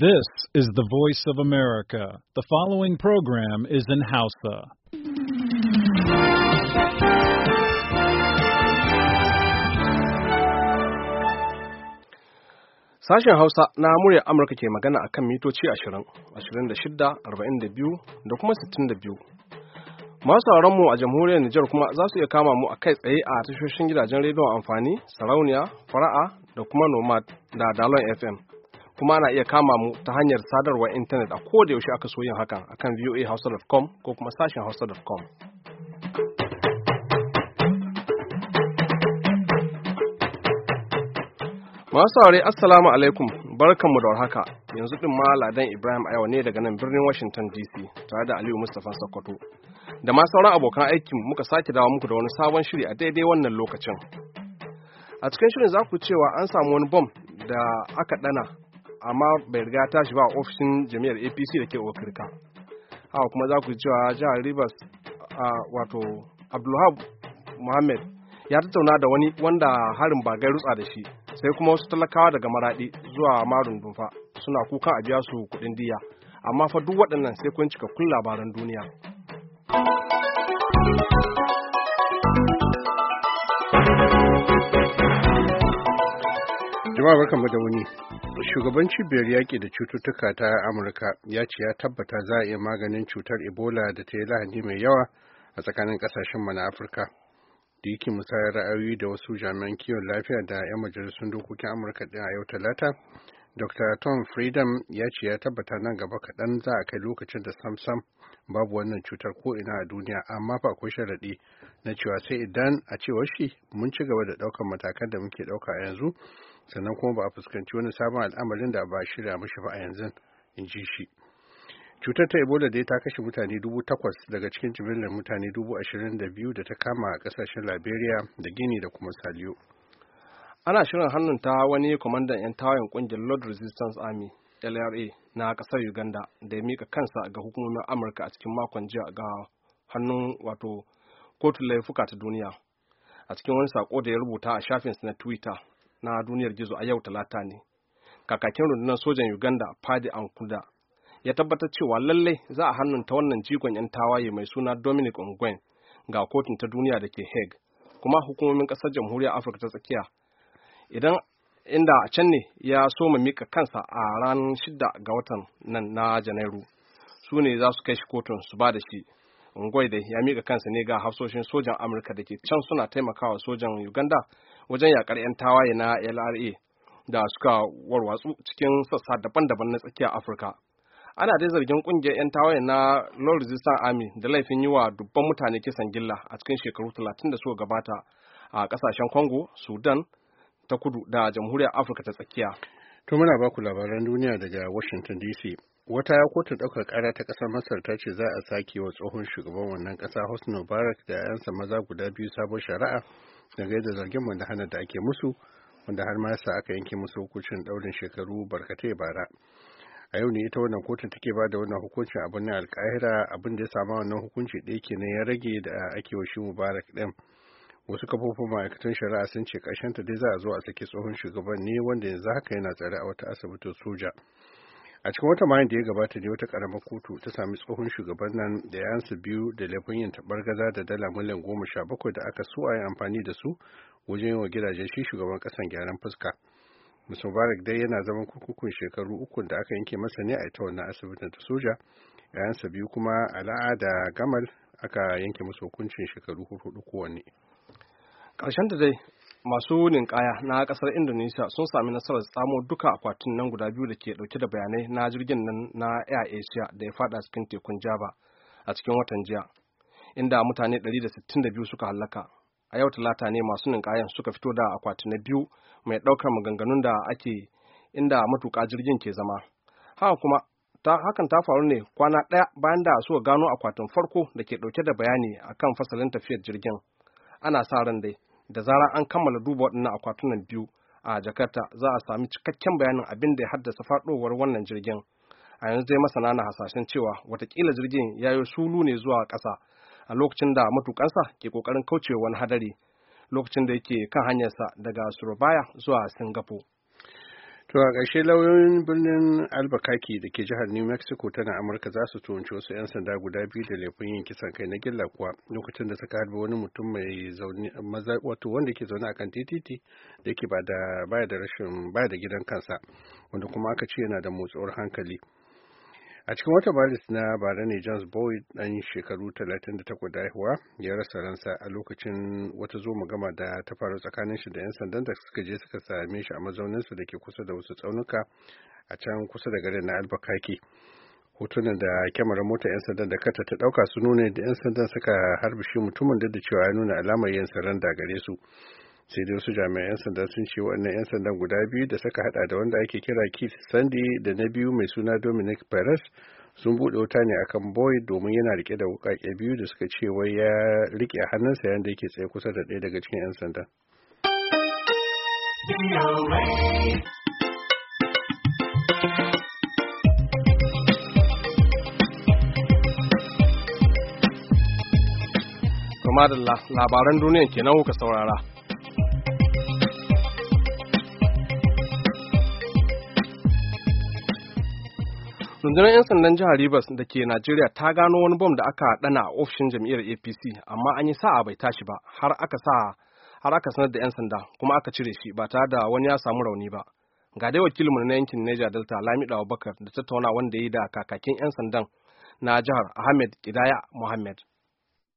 This is the voice of America. The following program is in Hausa. Sashen Hausa na murya Amurka ke magana a kan mitoci 20, 26, da kuma 62. Masu mu a jamhuriyar Nijar kuma za su iya kama mu a kai tsaye a tashoshin gidajen rediyon amfani, sarauniya, fara'a da kuma nomad da dalon FM. kuma ana iya kama mu ta hanyar sadarwar intanet a koda yaushe aka so yin hakan akan voahausa.com ko kuma sashen hausa.com. Masu saurari Assalamu alaikum barkanmu da warhaka yanzu ɗin ma Ladan Ibrahim Ayawa ne daga nan birnin Washington DC tare da Aliyu Mustapha Sokoto. Da ma sauran abokan aikin muka sake dawa muku da wani sabon shiri a daidai wannan lokacin. A cikin shirin za ku cewa an samu wani bom da aka ɗana amma bai riga tashi ba ofishin jami'ar apc da ke okirka haka kuma za ku cewa jihar rivers wato abdulhab muhammad ya tattauna da wani wanda harin ba gai rutsa da shi sai kuma wasu talakawa daga maraɗi zuwa marun dumfa suna kuka a biya su kuɗin diya amma fa duk waɗannan sai kun cika kun labaran duniya jama'a barkan da wani shugaban cibiyar yaƙi da cututtuka ta amurka ya ce ya tabbata za a iya maganin cutar ebola da ta yi lahani mai yawa a tsakanin ƙasashen mana afirka da yake musayar ra'ayoyi da wasu jami'an kiwon lafiya da 'yan majalisun dokokin amurka ɗin a yau talata dr tom freedom ya ce ya tabbata nan gaba kaɗan za a kai lokacin da samsam babu wannan cutar ko ina a duniya amma fa akwai sharaɗi na cewa sai idan a cewar shi mun ci gaba da ɗaukar matakan da muke ɗauka a yanzu sannan kuma ba a fuskanci wani sabon al'amarin da ba shirya mashi ba a yanzu in ji shi cutar ta ebola da ta kashe mutane dubu takwas daga cikin jimillar mutane dubu ashirin da biyu da ta kama a kasashen liberia da guinea da kuma saliyo ana shirin hannun ta wani kwamandan 'yan tawayen kungiyar lord resistance army lra na kasar uganda da ya mika kansa ga hukumomin amurka a cikin makon jiya ga hannun wato kotun laifuka ta duniya a cikin wani sako da ya rubuta a shafinsa na twitter na duniyar gizo a yau talata ne kakakin rundunar sojan uganda fadi ankuda ya tabbatar cewa lallai za a hannunta wannan jigon 'yan tawaye mai suna dominic ongwen ga kotun ta duniya da ke hague kuma hukumomin kasar jamhuriyar afirka ta tsakiya idan inda a can ne ya soma mika kansa a ranar 6 ga watan nan na janairu su ne za su kai shi kotun su ba da shi da ya mika kansa ne ga hafsoshin sojan Amurka da ke can suna taimakawa sojan Uganda wajen yakar 'yan tawaye na LRA da suka warwatsu cikin sassa daban-daban na tsakiyar Afirka. Ana dai zargin kungiyar 'yan tawaye na Lord Resistance Army da laifin yi wa dubban mutane kisan gilla a cikin shekaru talatin da suka gabata a ƙasashen Congo, Sudan ta kudu da Jamhuriyar Afirka ta tsakiya. To muna baku labaran duniya daga Washington DC. wata ya kotun ɗaukar kara ta kasar masar ta ce za a sake wa tsohon shugaban wannan kasa hosni mubarak da 'yansa maza guda biyu sabon shari'a daga da zargin wanda hana da ake musu wanda har ma yasa aka yanke musu hukuncin daurin shekaru barkatai bara a yau ne ita wannan kotun take ba da wannan hukuncin a ne alkahira abin da ya sama wannan hukunci ɗaya kenan ya rage da ake wa shi mubarak ɗin wasu kafofin ma'aikatan shari'a sun ce ta dai za a zo a saki tsohon shugaban ne wanda yanzu haka yana tsare a wata asibitin soja a cikin wata mayan da ya gabata ne wata karamar kotu ta sami tsohon shugaban nan da yansu biyu da laifin yin gaza da dala miliyan goma sha bakwai da aka so a yi amfani da su wajen yi wa gidajen shi shugaban kasan gyaran fuska musu dai yana zaman kurkukun shekaru uku da aka yanke masa ne a ita wannan asibitin ta soja yayansa biyu kuma ala'a da gamal aka yanke musu hukuncin shekaru hudu kowanne ƙarshen da dai masu ninkaya na kasar indonesia sun sami nasarar tsamo duka akwatin nan guda biyu da ke dauke da bayanai na jirgin nan na air asia da ya fada cikin tekun java a cikin watan jiya inda mutane 162 suka halaka. a yau talata ne masu ninkayan suka fito da akwati na biyu mai daukar maganganun da ake inda matuka jirgin ke zama haka kuma ta, hakan ta faru ne kwana ɗaya bayan da suka gano akwatin farko da ke ɗauke da bayani akan fasalin tafiyar jirgin ana sa ran dai da zarar an kammala duba waɗannan akwatunan biyu a jakarta za a sami cikakken bayanin abin da ya haddasa faɗowar wannan jirgin a yanzu dai masana na hasashen cewa watakila jirgin ya yi sulu ne zuwa ƙasa a lokacin da matukansa ke ƙoƙarin kaucewa wani hadari lokacin da yake kan hanyarsa daga surabaya zuwa singapore To a ƙarshe lauyoyin birnin Albuquerque da ke jihar New Mexico tana Amurka za su tunci wasu 'yan sanda guda biyu da laifin yin kisan kai na gilla kuwa lokacin da suka harbi wani mutum mai zaune wato wanda ke zaune akan titi da yake ba da rashin baya da gidan kansa wanda kuma aka ce yana da motsuwar hankali. a cikin wata maris na bara ne james boyd dan shekaru 38 da haihuwa ya rasa ransa a lokacin wata zo magama da ta faru tsakanin shi da 'yan sandan da suka je suka same shi a mazauninsa da ke kusa da wasu tsaunuka a can kusa da garin na albuquerque hotunan da kyamarar mota 'yan sandan da kata ta dauka su nuna da 'yan sandan suka harbi shi mutumin da cewa ya nuna alamar yin da gare su sai dai wasu jami'an sanda sun ce wannan 'yan sandan guda biyu da suka hada da wanda ake kira keith sandy da na biyu mai suna dominic perez sun bude wuta ne akan boy domin yana rike da wukake biyu da suka ce wai ya rike hannunsa yayin da yake tsaye kusa da ɗaya daga cikin 'yan sanda. Kuma da labaran duniya kenan kuka saurara. rundunar 'yan sandan jihar rivers da ke najeriya ta gano wani bom da aka dana a ofishin jam'iyyar apc amma an yi sa'a bai tashi ba har aka sa har aka sanar da 'yan sanda kuma aka cire shi ba tare da wani ya samu rauni ba ga dai wakilinmu na yankin niger delta lamido bakar da tattauna wanda ya yi da kakakin 'yan sandan na jihar ahmed kidaya muhammed.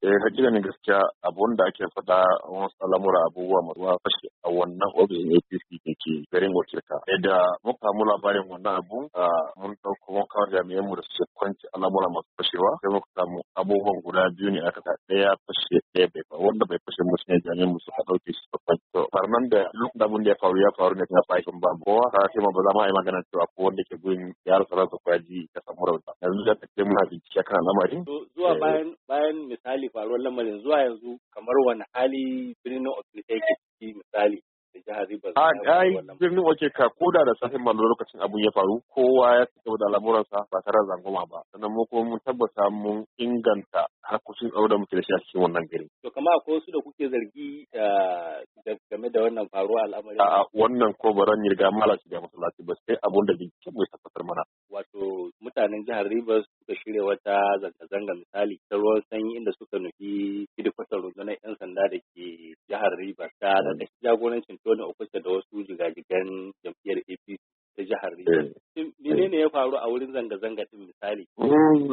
eh hakika ne gaskiya abun da ake faɗa wasu al'amura abubuwa masu fashe a wannan ofishin apc da ke garin wakilta da muka samu labarin wannan abu mun ɗauko mun kawo jami'an mu da su kwanci al'amura masu fashewa sai muka samu abubuwan guda biyu ne aka kaɗa ɗaya fashe ɗaya bai faru wanda bai fashe musu ne jami'an mu suka ɗauke su suka kwanci to farnan da duk da abun da ya faru ya faru ne ta fashin ba kowa ka ce ma ba za mu yi magana cewa ko wanda ke gurin ya rasa rasa kwaji ya samu rauta yanzu da ta ce muna bincike kan al'amarin. zuwa eh, bayan bayan misali ne faruwar lamarin zuwa yanzu kamar wani hali birnin Okita yake ciki misali da jihar Rivers. Ah, a ai birnin Okita ko da da sahin malo lokacin abun ya faru kowa ya tafi da lamuransa ba tare da zangoma ba sannan mu kuma mun tabbata mun inganta harkokin tsaro da muke da shi a cikin wannan gari. To kamar akwai wasu da kuke zargi eh, game da wannan faruwar al'amarin. A wannan ko ba ran malaci da masallaci ba sai abun da bincike mai tabbatar mana. Wato mutanen jihar Rivers shirya wata zanga-zanga misali ta ruwan sanyi inda suka nufi hidikwatar rundunar 'yan sanda da ke jihar Rivers ta da jagorancin Tony Okocha da wasu jigajigan jam'iyyar APC ta jihar Rivers. Eh. Menene ya faru a wurin zanga-zanga din misali?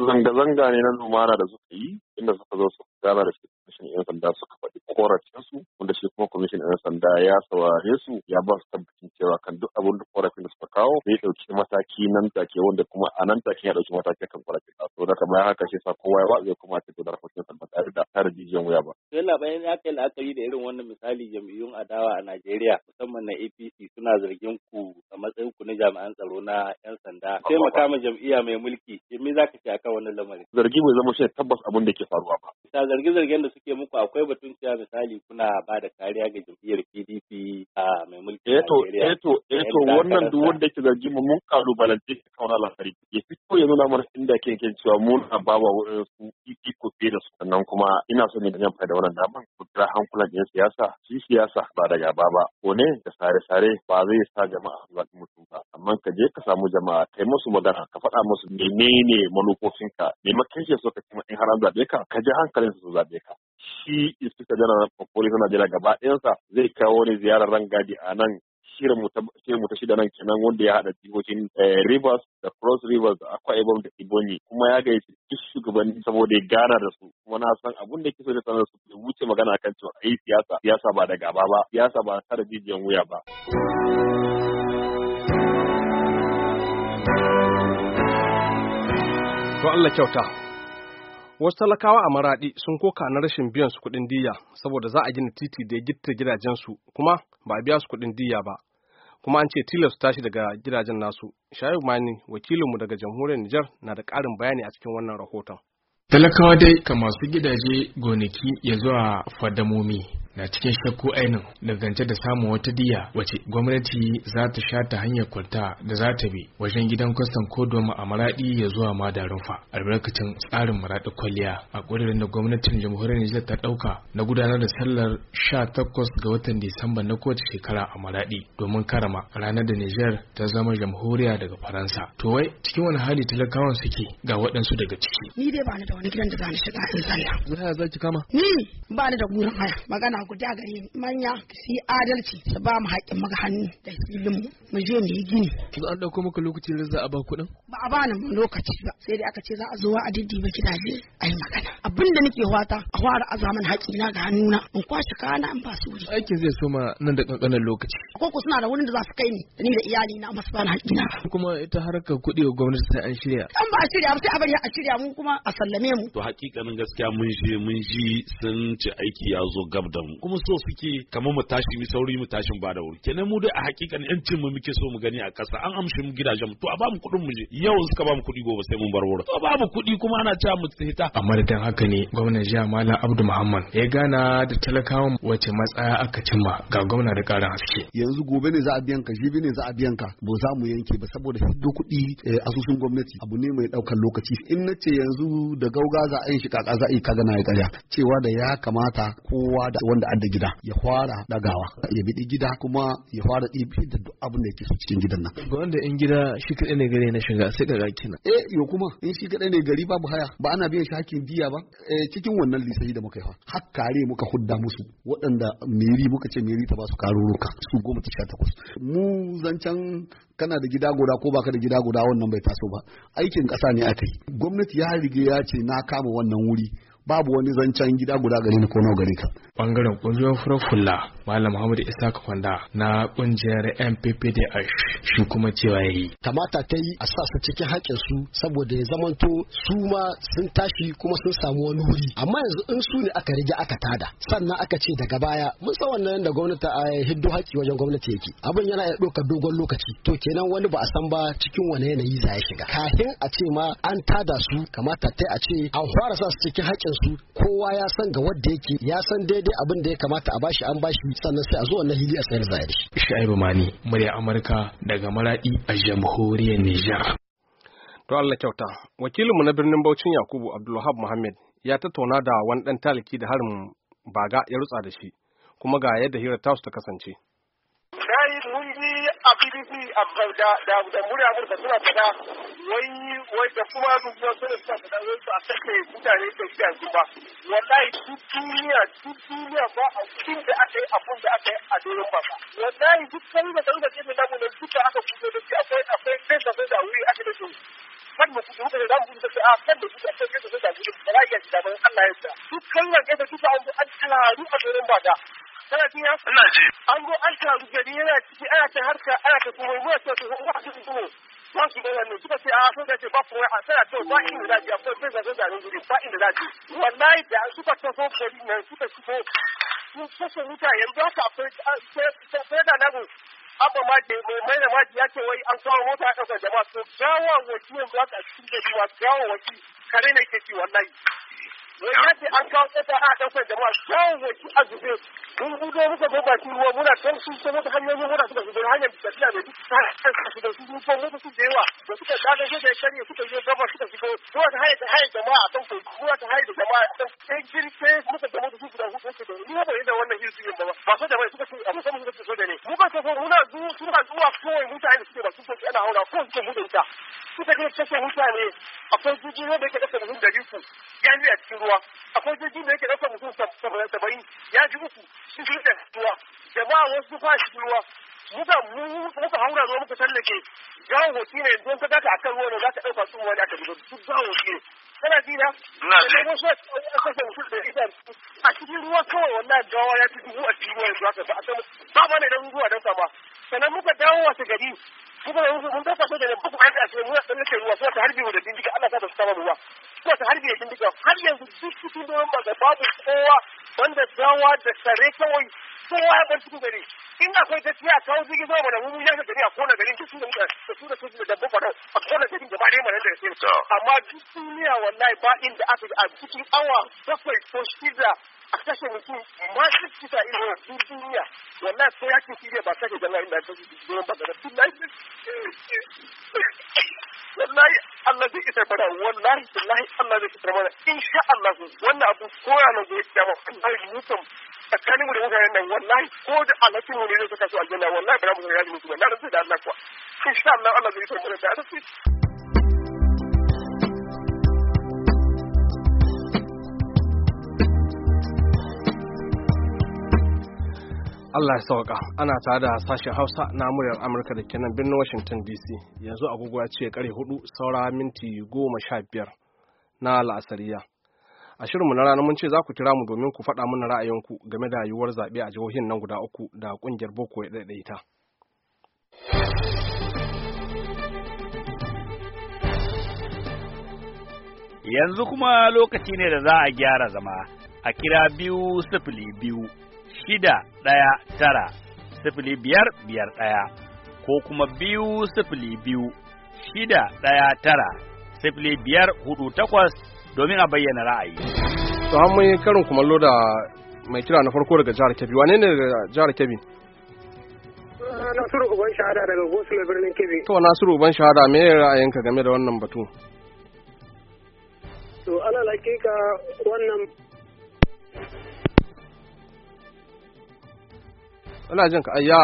Zanga-zanga ne na lumana da suka yi inda suka zo su gana da shi 'yan sanda suka faɗi korafin su. wanda shi kuma kwamishin 'yan sanda ya saurare su ya ba su tabbacin cewa kan duk abin da korafin da suka kawo zai ɗauki mataki nan take wanda kuma a nan take ya ɗauki mataki kan korafin. to da kamar haka shi sa kowa ya watsa kuma ta gudanar hukunta ba tare da tare jijiyan wuya ba. to yana bayan ya kai la'akari da irin wannan misali jam'iyyun adawa a najeriya musamman na apc suna zargin ku a matsayin ku na jami'an tsaro na yan sanda mu kama jam'iyya mai mulki me za ka ce akan wannan lamarin. zargi bai zama shi tabbas abin da ke faruwa ba ta zarge-zargen da suke muku akwai batun cewa misali kuna ba da kariya ga jam'iyyar PDP a mai mulki eto eto eto wannan duk wanda ke zargi mu mun kalubalance shi kauna lafari ya fito ya nuna mana inda ke ke cewa mun ba wa su iko fiye da su sannan kuma ina so ne da yamfa wannan daman ku kira hankulan yan siyasa shi siyasa ba daga ba ba ko ne da sare-sare ba zai sa jama'a su mutum ba amma ka je ka samu jama'a kai musu magana ka faɗa musu menene manufofinka me makinshin so ka kuma in har an zaɓe ka ka ji hankalin su zaɓe ka shi inspector general of police na jira gaba ɗayansa zai kawo wani ziyarar rangadi a nan shirin mu ta shida nan kenan wanda ya haɗa jihohin eh, Rivers da Cross Rivers da Akwa Ibom da Ibonyi kuma ya gayyaci duk shugabanni saboda ya gana da su kuma na san abun da kiso da sanar su ya wuce magana kan cewa yi siyasa siyasa ba da gaba ba siyasa ba tare jijiyan wuya ba. To Allah kyauta. Wasu talakawa a Maraɗi sun koka na rashin biyan su kuɗin diya saboda za a gina titi da ya gitta gidajensu kuma ba a biya su kuɗin diya ba. Kuma an ce tilas su tashi daga gidajen nasu. Shayu Mani wakilinmu daga jamhuriyar Nijar na da ƙarin bayani a cikin wannan rahoton. Talakawa dai ka masu gidaje gonaki ya zuwa fadamomi na cikin shakku ainin dangance da samun wata diya wace gwamnati za ta sha ta hanyar kwanta da za ta bi wajen gidan kwastan kodoma a maradi ya zuwa madarin fa albarkacin tsarin maradi kwalliya a ƙudurin da gwamnatin jamhuriyar nijar ta ɗauka na gudanar da sallar 18 ga watan disamba na kowace shekara a maradi domin karama ranar da nijar ta zama jamhuriya daga faransa to wai cikin wani hali talakawan suke ga waɗansu daga ciki ni dai ba ni da wani gidan da za ni shiga in sallah za ki kama ni ba ni da gurin haya magana guda gare ni manya su yi adalci su ba mu haƙƙin maka hannu da filin mu je mu yi gini. Za an ɗauko maka lokacin da za a ba kuɗin? Ba a bani lokaci ba sai dai aka ce za a zo a diddiba gidaje a yi magana. Abin da nake wata a fara azaman haƙƙina ga hannuna in kwashe kana in ba su wuri. Aikin zai soma nan da ƙanƙanin lokaci. Ko ku suna da wurin da za su kai ni ni da iyali na masu bani haƙƙina. Kuma ita harkar kuɗi wa gwamnati sai an shirya. An ba a shirya sai a bari a shirya mu kuma a sallame mu. To hakikanin gaskiya mun ji mun ji sun ci aiki ya zo gab da mu. kuma so suke kamar mu tashi mu sauri mu tashin ba da wuri kenan mu dai a hakikan yancin mu muke so mu gani a ƙasa an amshi mu gidajen mu to a ba mu kuɗin mu je yau suka ba mu kuɗi gobe sai mun bar wurin to babu kuɗi kuma ana cewa mu tsita amma da haka ne gwamnatin jiha Malam Abdu Muhammad ya gana da talakawan wace matsaya aka cimma ga gwamna da karan haske yanzu gobe ne za a biyan ka jibi ne za a biyan ka bo za mu yanke ba saboda hiddo kuɗi eh, asusun gwamnati abu ne mai ɗaukar lokaci in na ce yanzu da gauga za a yi shi kaka za a yi kaga na ya cewa da ya kamata kowa da wanda da adda gida ya fara dagawa ya bi gida kuma ya fara ibi da duk abin da yake so cikin gidan nan ga wanda in gida shi kadai ne gare na shiga sai daga kina eh yo kuma in shi kadai ne gari babu haya ba ana biyan shi hakkin biya ba eh, cikin wannan lisafi da muka yi fa har kare muka hudda musu waɗanda meri muka ce meri ta ba su karuruka su goma ta sha takwas mu zancen kana da gida guda ko baka da gida guda wannan bai taso ba aikin ƙasa ne aka yi gwamnati ya riga ya ce na kama wannan wuri babu wani zancen gida guda gari ni ko nawa gari ka bangaren kungiyoyin furar malam Muhammadu isa kwanda na kungiyar mppd shi kuma cewa yayi kamata ta yi a sassa cikin haƙƙin su saboda ya zamanto su ma sun tashi kuma sun samu wani wuri amma yanzu in su ne aka rige aka tada sannan aka ce daga baya mun san wannan da gwamnati a hiddo haƙƙi wajen gwamnati yake abin yana iya ɗaukar dogon lokaci to kenan wani ba a san ba cikin wani yanayi za ya shiga kafin a ce ma an tada su kamata ta a ce an fara sa su cikin haƙƙin su kowa ya san ga wanda yake ya san daidai abin da ya kamata a bashi an bashi sannan sai a zo wannan hili a sayar da shi Shaibu Mani murya Amurka daga Maradi a jamhuriyar Nijar To Allah kyauta wakilinmu na birnin Bauchin Yakubu Abdulwahab Muhammad ya tattauna da wani dan taliki da harin baga ya rutsa da shi kuma ga yadda hirar tasu ta kasance mun a pdp a da murya amurka suna fada wai wai da kuma rubuwa suna suna fada wai su a sake mutane da shi yanzu ba wallahi duk duniya duk duniya ba a cikin da aka yi abun da aka yi a doron ba wallahi duk sai da sai da ke da mu aka fito da shi akwai akwai sai da sai da wuri aka da su kan mu kuma da zamu kuma sai a kan da kuma sai da sai da wuri da ya ji da Allah ya sa duk kan da ke da duka an a doron ba da kana ji ina ji an go an taru gari yana ciki ana ta harka ana ta kuma ruwa ta ta ruwa ta kuma ba su da wannan suka ce a ah, sun da ce ba kuma a sana to ba inda za ji akwai sai zazo zanen gari ba inda za ji wallahi da suka taso gari nan suka su ka kashe mutayen ba ka akwai ah, sai da nagu abba ma ke mai mai da maji ya ce wai an kawo mota a ɗaukar jama'a to gawa waki yanzu haka a cikin gari wa gawa waki kare ne ke ci wallahi wai ya ce an kawo ƙasa a ɗaukar jama'a gawa waki a zube mun mun zo muka zo bakin ruwa muna kan su so wata hanyoyin muna suka shiga hanyar tafiya da duk ta su da su mun ko da yawa da suka ga da kanye suka je gaba suka shigo ruwa ta haye ta haye jama'a a kan ko ruwa ta haye jama'a a kan sai girke muka zama da su da su suka ni ba da wannan hirsu yin ba ba so da suka su amma suka so da ne mu ba so muna zu suna zuwa kawai mutane suke ba su so ana hauna ko su ne da suka je kashe mutane akwai ne da yake da mutum da ku ya a cikin ruwa akwai jirgin da yake da mutum saba'in ya ji uku cikin da ruwa jama'a wasu ba shi ruwa muka muka haura ruwa muka tallake gawo hoki ne don ka daka akan ruwa ne za ka ɗauka su wani aka dubo su gawo hoki ne kana ji na ina ji wasu a kasa mutum da ita a cikin ruwa kawai wannan gawa ya fi dubu a cikin ruwa yanzu haka ba a san ba ma ne don ruwa don sama sannan muka dawo wata gari muka da mun ɗauka so da ne buku an da a cikin ruwa tsallake ruwa sai ta harbi wa da bindiga Allah ta ta mu ruwa tabbas har da har yanzu duk cikin doron ba babu kowa wanda dawa da sare kawai kowa ya bar cikin gari in akwai gaskiya kawo jirgin sama da mu ya gari a su da su da su da fara a gaba ɗaya mana da amma duk duniya wallahi ba inda aka a cikin awa bakwai ko shida a kashe mutum masu a irin duniya wallahi ko yakin siriya ba kashe jama'a da kashe zuwa ba da tun laifin wallahi Allah zai isar mana wallahi wallahi Allah zai isar mana insha Allah wannan abu koya na zai kiyama wallahi mutum mu da mutanen nan wallahi ko da alhakin mu ne zai saka su aljanna wallahi ba mu ga yaji mutum na rantsa da Allah kuwa insha Allah Allah zai isar mana da alhakin Allah ya sauka ana tare da sashen Hausa na muryar Amurka da kenan birnin Washington DC yanzu agogo ya ce kare hudu saura minti goma sha biyar na la'asariya. A shirinmu na rana mun ce za ku kira mu domin ku faɗa mana ra'ayinku game da yiwuwar zaɓe a jihohin nan guda uku da ƙungiyar Boko ya ɗaiɗaita. Yanzu kuma lokaci ne da za a gyara zama a kira biyu sifili biyu shida ɗaya tara sifili biyar biyar ɗaya ko kuma biyu sifili biyu shida ɗaya tara sifili biyar hudu takwas domin a bayyana ra'ayi. To an mun karin kumallo da mai kira na farko daga jihar Kebbi wane ne daga jihar Kebbi? Ah, Nasiru Uban Shahada daga Gosulo birnin Kebbi. To Nasiru Uban Shahada me ra'ayinka game da wannan batu? To wannan ina jin ka ayya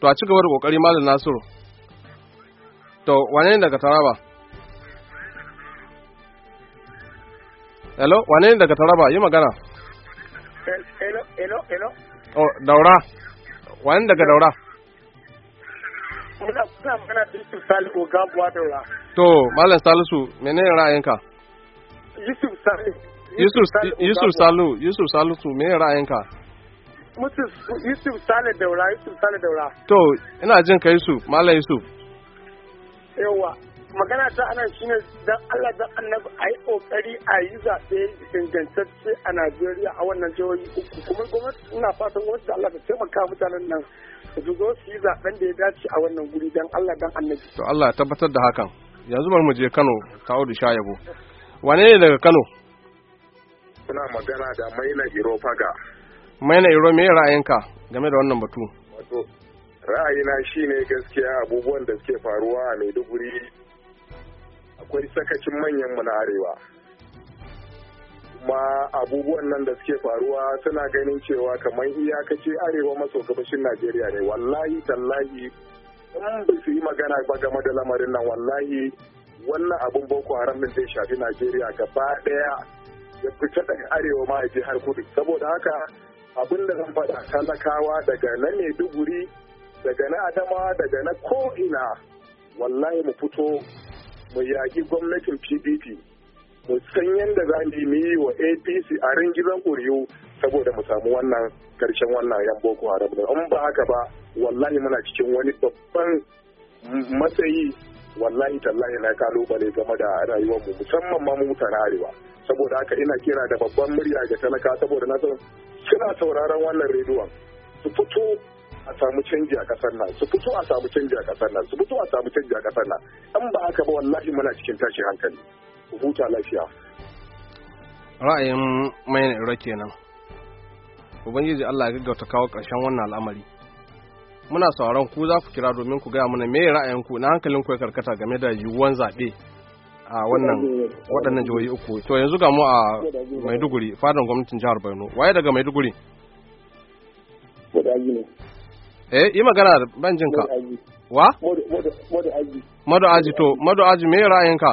to a cigaba da kokari malam nasiru to wane ne daga taraba hello wane ne daga taraba yi magana hello hello hello oh daura wane daga daura muna kuna magana da Yusuf Salihu Gabuwa Daura. To, Malam Salisu, menene ra'ayinka? Yusuf Salihu. Yusuf Salihu, Yusuf Salihu, menene ra'ayinka? Yusuf Yusuf Sale Daura Yusuf Sale Daura. To ina jin ka Yusuf Malam Yusuf. Yawwa magana ta ana ne don Allah dan Annabi yi ƙoƙari a yi zaɓe ingantacce a Najeriya a wannan jihohi uku kuma gwamnati ina fatan gwamnati da Allah ta taimaka mutanen nan su zo su yi zaɓen da ya dace a wannan guri don Allah dan Annabi. To Allah ya tabbatar da hakan. Yanzu bari mu je Kano kawo da shayabo. Wane ne daga Kano? Suna magana da Maina Irofaga. maina iro me ra'ayinka game da wannan batu wato ra'ayina shine gaskiya abubuwan da suke faruwa a maiduguri akwai sakacin manyan mu arewa kuma abubuwan nan da suke faruwa suna ganin cewa kamar iyakaci arewa maso gabashin najeriya ne wallahi tallahi in ba su yi magana ba game da lamarin nan wallahi wannan abun boko haram din zai shafi najeriya gaba daya ya fita daga arewa ma a har kudu saboda haka abin da zan faɗa talakawa daga na maiduguri daga na adama daga na ko'ina wallahi mu fito mu yaƙi gwamnatin pdp mu san yadda za mu yi wa apc a ringizan ƙuriyu saboda mu samu wannan ƙarshen wannan yan boko haram in ba haka ba wallahi muna cikin wani babban matsayi wallahi tallahi na kalubale game da rayuwarmu musamman ma mu mutane arewa saboda haka ina kira da babban murya ga talaka saboda na san suna sauraron wannan rediyon su fito a samu canji a kasar nan su fito a samu canji a kasar nan su fito a samu canji a kasar nan in ba haka ba wallahi muna cikin tashin hankali ku huta lafiya ra'ayin mai na kenan ubangiji Allah ya gaggauta kawo karshen wannan al'amari muna sauraron ku za ku kira domin ku gaya mana me ra'ayinku na hankalin ku ya karkata game da yiwuwan zaɓe a wannan waɗannan jihohi uku to yanzu ga mu a maiduguri fadan gwamnatin jihar borno waye daga maiduguri eh yi magana da banjinka. ka wa madu aji to madu aji me ra'ayinka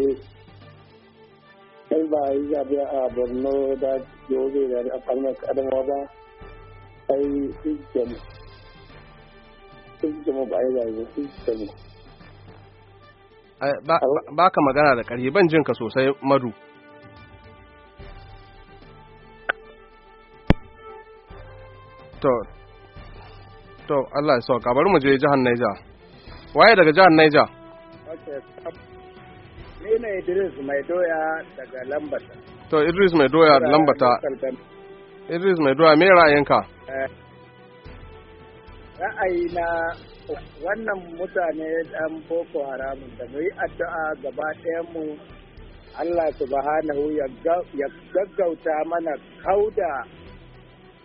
eh, kai ba yi zaɓe a borno da jihohi da a kalmar adamawa ba ai sun jama sun jama ba yi zaɓe sun jama Eh, ba ka magana da ƙarfi ban jinka sosai madu to to Allah ya sauka bari mu je jihar Niger waye daga jihar Niger ni ne Idris mai doya daga Lambata to Idris mai doya daga Lambata Idris mai doya me ra'ayinka eh, ra'ayi na wannan mutane ɗan boko haram da mu yi addu'a gaba mu Allah subhanahu ya gaggauta mana kauda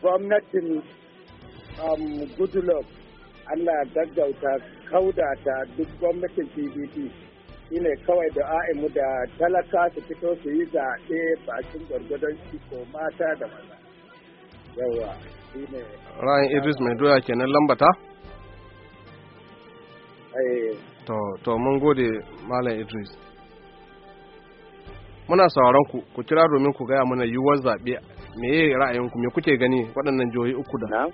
gwamnatin um, goodluck Allah ya gaggauta kauda ta duk gwamnatin pdp shine kawai da mu da talaka su fito su yi zaɓe bakin gwargwadon ko mata da maza yawa shine ra'ayin idris mai doya kenan lambata Eh. to to mun gode malam idris muna sauran ku ku kira domin ku gaya mana yiwuwar zaɓe me ye ra'ayinku me kuke gani waɗannan jihohi uku da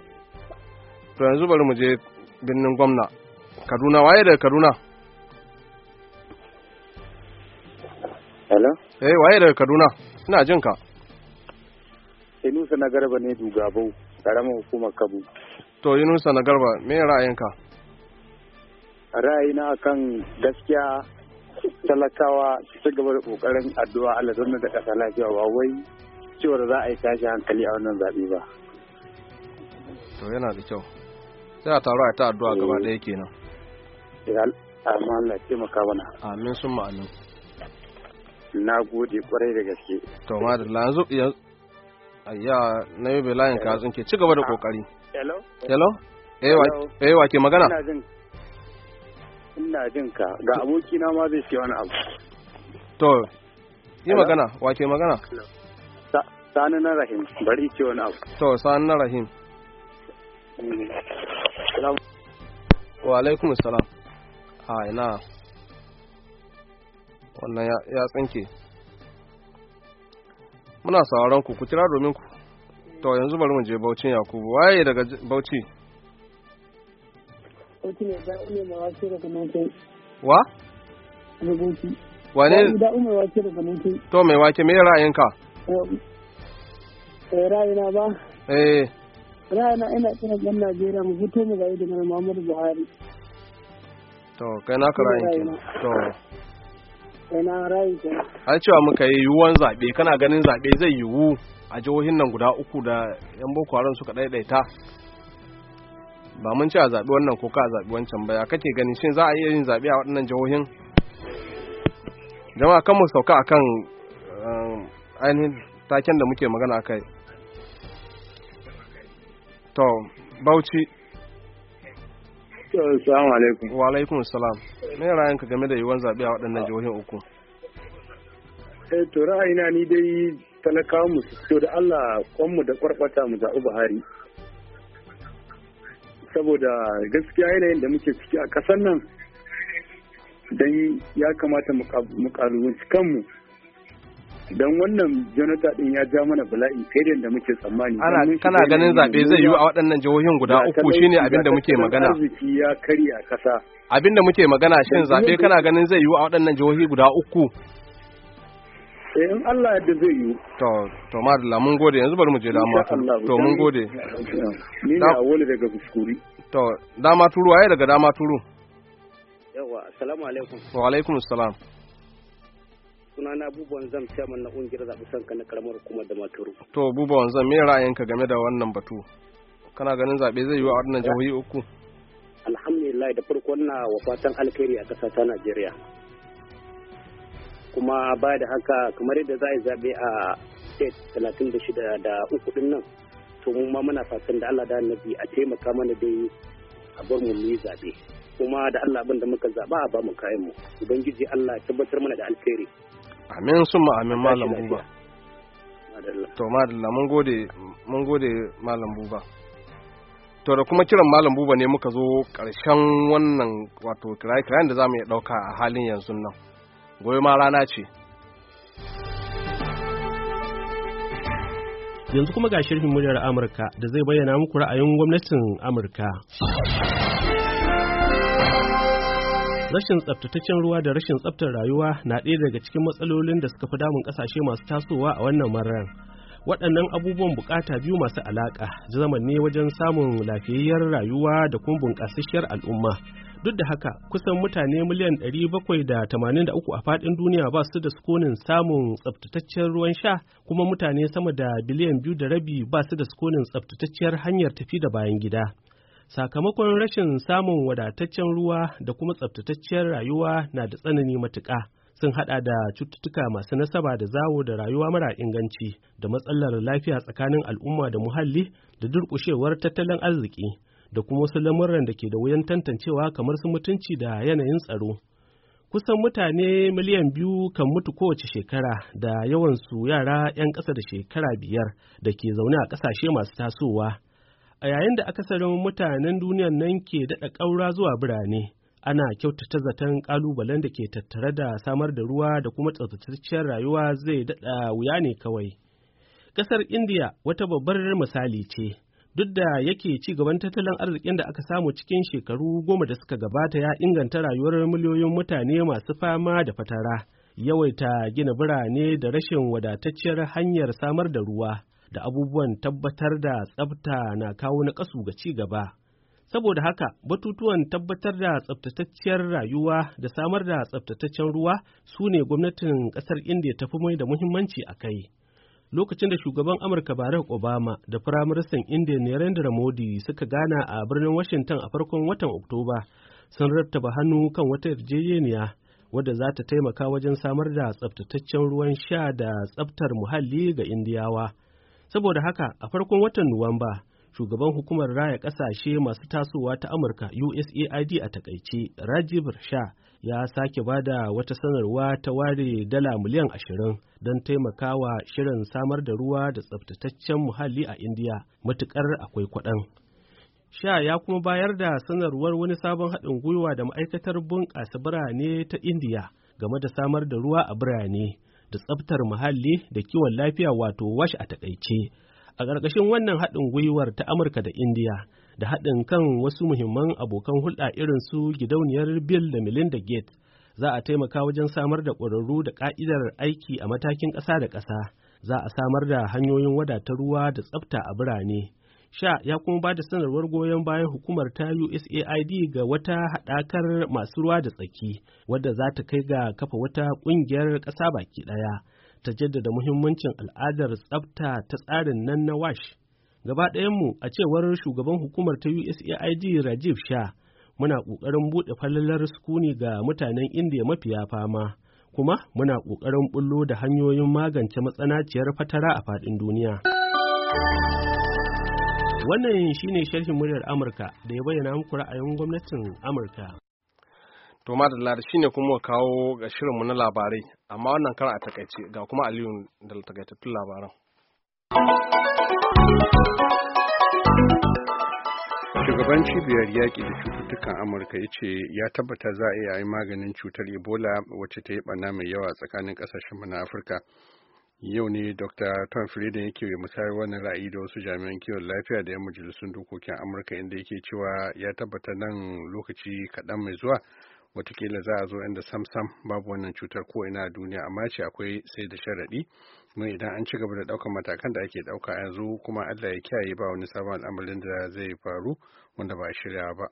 to yanzu bari mu je birnin gwamna kaduna waye daga kaduna hello eh waye daga kaduna ina jin ka inusa na garba ne dugabau ƙaramin hukumar kabu to inusa na garba me ra'ayinka ra'ayina kan gaskiya talakawa su gaba da kokarin addu'a Allah don da kasa lafiya ba wai cewar za a yi tashi hankali a wannan zaɓe ba. To yana da kyau. Sai a taro a ta addu'a gaba eh. ɗaya kenan. Amma Allah ya taimaka mana. Amin sun ma'anin. Na gode kwarai da gaske. To ma da lanzu ya na yi layin ka tsinke ci gaba da kokari. Ah. Hello? Eh, Hello? Eh wa ke magana? ina jin ka ga abokina ma zai ce wani abu to yi magana wa ke magana sani na rahim bari ce wani abu to sani na rahim mm. wa alaikum salam a ina wannan ya tsinke muna sauran ku kira domin ku to yanzu bari mu je Bauchin Yakubu waye daga Bauchi wa wane to mai wake me ra'ayinka eh ra'ayina ba eh ra'ayina ina kira ɗan Najeriya mu fito mu gaida mai Muhammadu Buhari to kai na ka ra'ayin kenan to kai eh, na ra'ayin kenan har cewa muka yi yuwan zabe kana ganin zaɓe, zai yiwu a jihohin nan guda uku da yan boko haram suka ɗaiɗaita. ba mun ci a zaɓi wannan ko ka a zaɓi wancan ba ya kake ganin shi za a iya yin zaɓi a waɗannan jihohin jama'a kan mu sauka kan eh, ainihin taken da muke magana a kai to bauchi Assalamu alaikum. Wa alaikum salam. Me ka game da yiwuwan zaɓe a waɗannan jihohin uku? Eh to ra'ayina ni dai talakawa mu su da Allah kwanmu da kwarkwata mu zaɓi Buhari. saboda gaskiya yanayin da muke ciki a ƙasar nan don ya kamata mu kalubanci kanmu don wannan jonathan din ya ja mana bala'i fiye da muke tsammani kana ganin zaɓe zai yi a waɗannan jihohin guda uku shine abin da muke magana ya karya ƙasa abin da muke magana shin zaɓe kana ganin zai yi a waɗannan jihohi guda uku eh in Allah yadda zai yi to to da mun gode yanzu bari mu je amma to mun gode ni da wani daga kuskuri to dama turu waye daga dama turu yawa assalamu alaikum wa alaikum assalam sunana bubuwan zam chairman na kungiyar zabi sanka na karamar hukumar da maturu to bubuwan zam me ra'ayinka game da wannan batu kana ganin zaɓe zai yi wa wannan jihohi uku alhamdulillah da farko na wa fatan alkhairi a kasar ta Najeriya kuma ba da haka kamar yadda za a yi zaɓe a state talatin da shida da uku nan to mu ma muna fatan da Allah da annabi a taimaka mana dai a bar mu yi zaɓe kuma da Allah abin da muka zaɓa a ba mu kayan mu ubangiji Allah ya tabbatar mana da alkhairi. amin summa amin malam buba to madalla mun gode mun gode malam buba to da kuma kiran malam buba ne muka zo karshen wannan wato kirayen da za mu iya ɗauka a halin yanzu nan goyi ma rana ce yanzu kuma ga shirhin muryar amurka da zai bayyana muku ra'ayin gwamnatin amurka rashin tsaftataccen ruwa da rashin tsaftar rayuwa na ɗaya daga cikin matsalolin da suka fi damun ƙasashe masu tasowa a wannan marar waɗannan abubuwan buƙata biyu masu alaƙa zama ne wajen samun lafiyayyar rayuwa da kuma bunƙasasshiyar al'umma duk da haka kusan mutane miliyan 783 a faɗin duniya ba su da sukunin samun tsabtataccen ruwan sha kuma mutane sama da biliyan biyu da rabi ba su da sukunin tsabtataccen hanyar tafi da bayan gida sakamakon rashin samun wadataccen ruwa da kuma tsabtataccen rayuwa na da tsanani matuƙa sun hada da cututtuka masu nasaba da zawo da rayuwa mara inganci da matsalar lafiya tsakanin al'umma da muhalli da durƙushewar tattalin arziki da kuma wasu lamurran da ke da wuyan tantancewa kamar su mutunci da yanayin tsaro. Kusan mutane miliyan biyu kan mutu kowace shekara da yawansu yara 'yan ƙasa da shekara biyar da ke zaune a ƙasashe masu tasowa. A yayin da akasarin mutanen duniyan nan ke daɗa ƙaura zuwa birane, ana kyautata zaton ƙalubalen da ke tattare da samar da ruwa da kuma tsaftatacciyar rayuwa zai daɗa wuya ne kawai. Ƙasar Indiya wata babbar misali ce. duk da yake ci gaban tattalin arzikin da aka samu cikin shekaru goma da suka gabata ya inganta rayuwar miliyoyin mutane masu fama da fatara yawaita gina birane da rashin wadatacciyar hanyar samar da ruwa da abubuwan tabbatar da tsabta na kawo na kasu ga ci gaba saboda haka batutuwan tabbatar da tsabtatacciyar rayuwa da samar da tsabtataccen ruwa su ne gwamnatin ƙasar indiya ta fi mai da muhimmanci a kai lokacin da shugaban Amurka Barack Obama da firaministan India Narendra Modi suka gana a birnin Washington a farkon watan Oktoba sun rattaba hannu kan wata yarjejeniya wadda za ta taimaka wajen samar da tsabtataccen ruwan sha da tsabtar muhalli ga Indiyawa. Saboda haka a farkon watan Nuwamba shugaban hukumar raya kasashe masu tasowa ta Amurka USAID a takaice Rajiv Shah ya sake bada wata sanarwa ta ware dala miliyan ashirin don taimakawa shirin samar da ruwa da tsabtataccen muhalli a indiya matukar akwai kwaɗan sha ya kuma bayar da sanarwar wani sabon haɗin gwiwa da ma'aikatar bunƙasa birane ta indiya game da samar da ruwa a birane da tsabtar muhalli da kiwon lafiya wato wash a takaice a ƙarƙashin wannan haɗin gwiwar ta amurka da indiya da haɗin kan wasu muhimman abokan hulɗa irin su gidauniyar Bill da Melinda Gates za a taimaka wajen samar da ƙwararru da ƙa'idar aiki a matakin ƙasa da ƙasa. Za a samar da hanyoyin wadatar ruwa da tsafta a birane. Sha ya kuma ba da sanarwar goyon bayan hukumar ta USAID ga wata haɗakar masu ruwa da tsaki, wadda za ta kai ga kafa wata ƙungiyar ƙasa baki ɗaya, ta jaddada muhimmancin al'adar tsafta ta tsarin nan na WASH. Gaba ɗayanmu a cewar shugaban hukumar ta USAID Rajiv Shah muna ƙoƙarin buɗe falalar sukuni ga mutanen Indiya mafiya fama, kuma muna ƙoƙarin bullo da hanyoyin magance matsanaciyar fatara a faɗin duniya. Wannan shine sharhin muryar Amurka da ya bayyana muku ra'ayin gwamnatin Amurka. To madalla da shine kuma kawo ga shirinmu na labarai, amma wannan kara a takaice ga kuma Aliyu da takaitattun labaran. shugaban cibiyar yaƙi da cututtukan amurka ya ce ya tabbata za a yi maganin cutar ebola wacce ta yi ɓanna mai yawa tsakanin ƙasashen na afirka yau ne dr tom frieden yake musayar wannan ra'ayi da wasu jami'an kiwon lafiya da 'yan majalisun dokokin amurka inda yake cewa ya tabbata nan lokaci kaɗan mai zuwa wataƙila za a zo inda sam-sam babu wannan cutar ko ina a duniya amma ce akwai sai da sharaɗi kuma idan an ci gaba da ɗaukar matakan da ake ɗauka yanzu kuma allah ya kiyaye ba wani sabon al'amarin da zai faru wanda ba shirya ba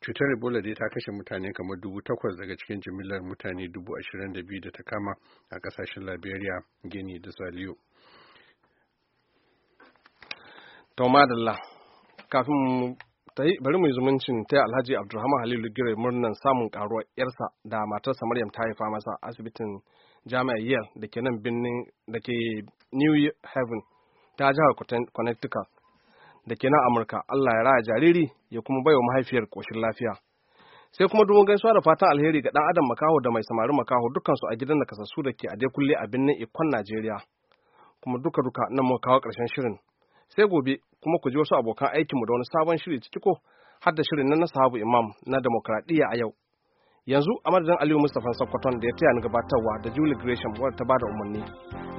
cutar ebola dai ta kashe mutane kamar dubu takwas daga cikin jimillar mutane dubu ashirin da biyu da ta kama a kasashen liberia gini da saliyo bari mu yi zumuncin ta alhaji abdulrahman halilu gira murnan samun karuwar yarsa da matarsa maryam ta haifa masa asibitin jami'ar yale da ke nan birnin da ke new haven ta jihar connecticut da ke nan amurka allah ya raya jariri ya kuma baiwa mahaifiyar koshin lafiya sai kuma dubun gaisuwa da fatan alheri ga dan adam makaho da mai samari makaho dukansu a gidan nakasassu da ke a kulle a birnin ikon najeriya kuma duka duka nan mu kawo karshen shirin sai gobe kuma ku ji wasu abokan aikinmu da wani sabon shiri ciki ko har shirin nan na sahabu imam na demokradiyya a yau yanzu a madadin aliyu mustapha sakkwaton da ya taya ni gabatarwa da julie gresham wadda ta bada umarni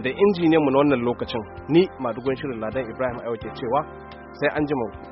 da injiniyanmu na wannan lokacin ni madugon shirin ladan ibrahim ayo cewa sai an ji ku.